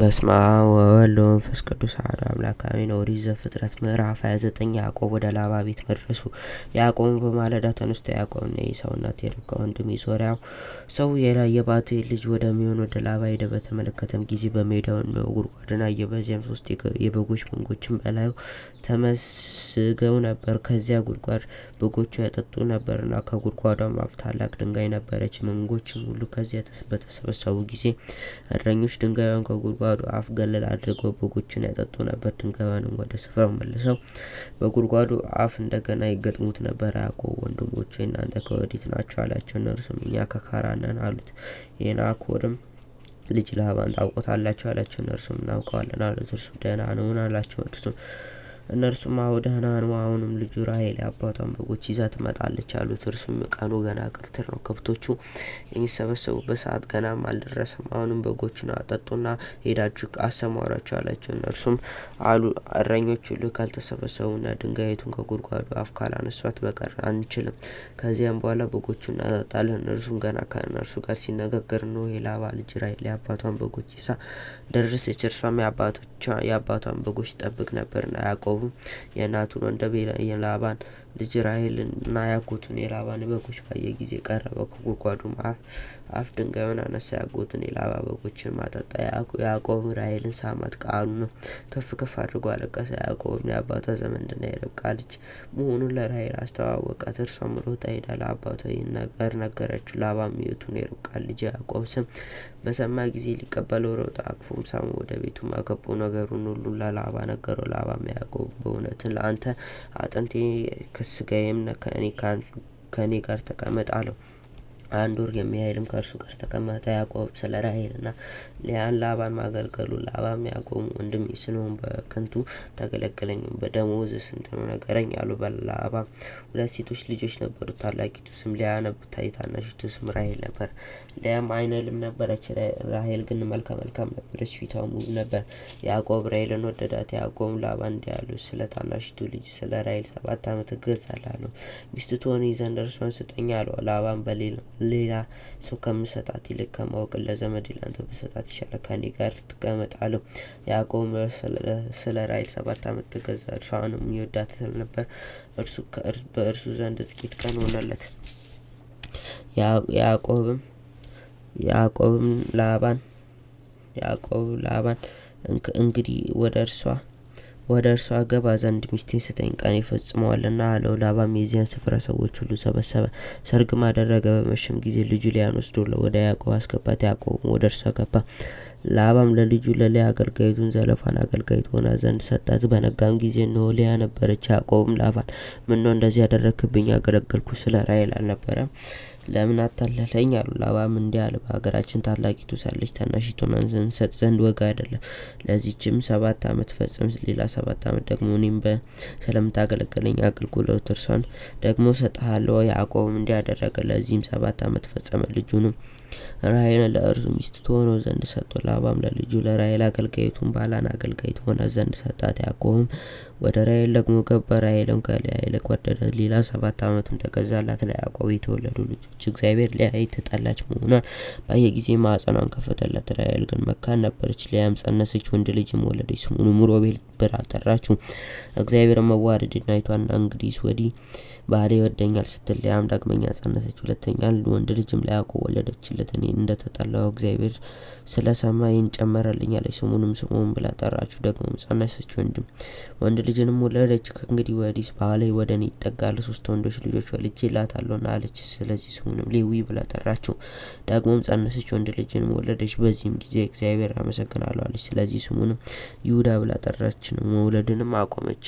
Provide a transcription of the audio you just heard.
በስመ አብ ወወልድ ወመንፈስ ቅዱስ አሐዱ አምላክ አሜን። ኦሪት ዘፍጥረት ምዕራፍ 29 ያዕቆብ ወደ ላባ ቤት መድረሱ። ያዕቆብ በማለዳ ተነስቶ ያዕቆብና የዔሳው እናት የርብቃ ወንድም የሶርያው ሰው የባቱኤል ልጅ ወደሚሆን ወደ ላባ ሄደ። በተመለከተም ጊዜ በሜዳው ጉድጓድን አየ። በዚያም ሶስት የበጎች መንጎችን በላዩ ተመስገው ነበር። ከዚያ ጉድጓድ በጎቹ ያጠጡ ነበርና፣ ከጉድጓዷም አፍ ታላቅ ድንጋይ ነበረች። መንጎችም ሁሉ ከዚያ በተሰበሰቡ ጊዜ እረኞች ድንጋዩን ከጉድጓ ከጉድጓዱ አፍ ገለል አድርገው በጎችን ያጠጡ ነበር። ድንጋዩንም ወደ ስፍራው መልሰው በጉድጓዱ አፍ እንደገና ይገጥሙት ነበር። ያዕቆብ ወንድሞቼ እናንተ ከወዴት ናቸው? አላቸው። እነርሱም እኛ ከካራን ነን አሉት። የናኮርም ልጅ ላባን ታውቁታላችሁ? አላቸው። እነርሱም እናውቀዋለን አሉት። እርሱ ደህና ነውን? አላቸው። እርሱም እነርሱም አዎ ደህና ነው። አሁንም ልጁ ራሄል የአባቷን በጎች ይዛ ትመጣለች አሉት። እርሱም ቀኑ ገና ቀትር ነው፣ ከብቶቹ የሚሰበሰቡበት ሰዓት ገናም አልደረሰም። አሁንም በጎቹን አጠጡና ሄዳችሁ አሰማራቸው አላቸው። እነርሱም አሉ እረኞች ሁሉ ካልተሰበሰቡና ድንጋይቱን ከጉድጓዱ አፍ ካላነሷት በቀር አንችልም። ከዚያም በኋላ በጎቹ እናጠጣለን። እነርሱም ገና ከእነርሱ ጋር ሲነጋገር ነው የላባ ልጅ ራሔል የአባቷን በጎች ይዛ ደረሰች። እርሷም የአባቷን በጎች ጠብቅ ነበርና ያቆ ያዕቆብም የእናቱን ወንድ የላባን ልጅ ራሔልና ያጎቱን የላባን በጎች ባየ ጊዜ ቀረበ። ከጉድጓዱም አፍ ድንጋዩን አነሳ፣ ያጎቱን የላባ በጎችን ማጠጣ። ያዕቆብም ራሄልን ሳማት፣ ቃሉንም ከፍ ከፍ አድርጎ አለቀሰ። ያዕቆብም የአባቷ ዘመድና የርብቃ ልጅ መሆኑን ለራሄል አስተዋወቃት። እርሷም ሮጣ ሄዳ ለአባቷ ይህን ነገር ነገረችው። ላባም ሚስቱን የርብቃን ልጅ ያዕቆብ ስም በሰማ ጊዜ ሊቀበለው ሮጠ፣ አቅፎም ሳሙ፣ ወደ ቤቱም አገባው። ነገሩን ሁሉ ለላባ ነገረው። ላባም ያዕቆብ በእውነት ለአንተ አጥንቴ ከስጋዬም ከእኔ ጋር ተቀመጥ አለው። አንድ ወር የሚያህልም ከእርሱ ጋር ተቀመጠ። ያዕቆብ ስለ ራሔልና ሊያን ላባን ማገልገሉ ላባም ያዕቆብ ወንድም ስንሆን በከንቱ ተገለገለኝ፣ በደሞዝ ስንት ነው ነገረኝ አሉ። በላባ ሁለት ሴቶች ልጆች ነበሩ። ታላቂቱ ስም ሊያ ነበረች፣ ታናሽቱ ስም ራሄል ነበር። ሊያም አይነልም ነበረች፣ ራሄል ግን መልከ መልካም ነበረች፣ ፊቷ ሙሉ ነበር። ያዕቆብ ራሔልን ወደዳት። ያዕቆብ ላባ እንዲህ አለው፣ ስለ ታናሽቱ ልጅ ስለ ራሔል ሰባት ዓመት እገዛልሃለሁ፣ ሚስት ትሆነኝ ዘንድ እርሷን ስጠኝ አለው። ላባም በሌላ ሌላ ሰው ከምሰጣት ይልቅ ከማወቅ ለዘመድ ላንተ ብሰጣት ይሻላል፣ ከኔ ጋር ትቀመጥ አለው። ያዕቆብ ስለ ራይል ሰባት አመት ተገዛ፣ እርሷንም ይወዳት ነበር እርሱ በእርሱ ዘንድ ጥቂት ቀን ሆነለት። ያዕቆብም ያዕቆብም ላባን ያዕቆብ ላባን እንግዲህ ወደ እርሷ ወደ እርሷ ገባ ዘንድ ሚስቴን ስጠኝ ቀን ይፈጽመዋልና አለው። ላባም የዚያን ስፍራ ሰዎች ሁሉ ሰበሰበ፣ ሰርግም አደረገ። በመሸም ጊዜ ልጁ ሊያን ወስዶ ወደ ያዕቆብ አስገባት። ያዕቆብም ወደ እርሷ ገባ። ላባም ለልጁ ለልያ አገልጋይቱን ዘለፋን አገልጋይት ሆና ዘንድ ሰጣት። በነጋም ጊዜ እነሆ ሊያ ነበረች። ያዕቆብም ላባን ምነው እንደዚህ ያደረክብኝ? ያገለገልኩ ስለ ራሔል አልነበረም? ለምን አታለለኝ አሉ። ላባም እንዲህ አለ፣ በሀገራችን ታላቂቱ ሳለች ታናሺቱን እንሰጥ ዘንድ ወግ አይደለም። ለዚችም ሰባት ዓመት ፈጽም፣ ሌላ ሰባት ዓመት ደግሞ እኔም ስለምታገለግለኝ አገልግሎት እርሷን ደግሞ እሰጥሃለሁ። ያዕቆብም እንዲህ አደረገ፣ ለዚህም ሰባት ዓመት ፈጸመ። ልጁንም ራሔልን ለእርሱ ሚስት ትሆነው ዘንድ ሰጥቶ ላባም ለልጁ ለራሔል አገልጋይቱን ባላን አገልጋይት ሆነ ዘንድ ሰጣት። ያዕቆብም ወደ ራሔል ደግሞ ገባ። ራሔልም ከልያ ይልቅ ወደዳት። ሌላ ሰባት ዓመትም ተገዛላት። ለያዕቆብ የተወለዱ ልጆች እግዚአብሔር ሊያ የተጠላች መሆኗን ባየ ጊዜ ማዕፀኗን ከፈተለት። ራሔል ግን መካን ነበረች። ሊያም ጸነሰች፣ ወንድ ልጅም ወለደች። ስሙንም ሮቤል ብላ ጠራችው። እግዚአብሔር መዋረድን አይቷና እንግዲህ ወዲህ ባሌ ይወደኛል ስትል ሊያም ዳግመኛ ጸነሰች። ሁለተኛ ወንድ ልጅም ለያዕቆብ ወለደች። ጻፈችለት። እኔ እንደተጠላው እግዚአብሔር ስለ ሰማ ይህን ጨመረልኝ አለች። ስሙንም ስሙን ብላ ጠራችሁ። ደግሞ ጸነሰች፣ ወንድም ወንድ ልጅንም ወለደች። ከእንግዲህ ወዲስ ባህላዊ ወደ እኔ ይጠጋል፣ ሶስት ወንዶች ልጆች ወልጄላታለሁና አለች። ስለዚህ ስሙንም ሌዊ ብላ ጠራችው። ደግሞም ጸነሰች፣ ወንድ ልጅንም ወለደች። በዚህም ጊዜ እግዚአብሔር አመሰግናለሁ አለች። ስለዚህ ስሙንም ይሁዳ ብላ ጠራች። መውለድንም አቆመች።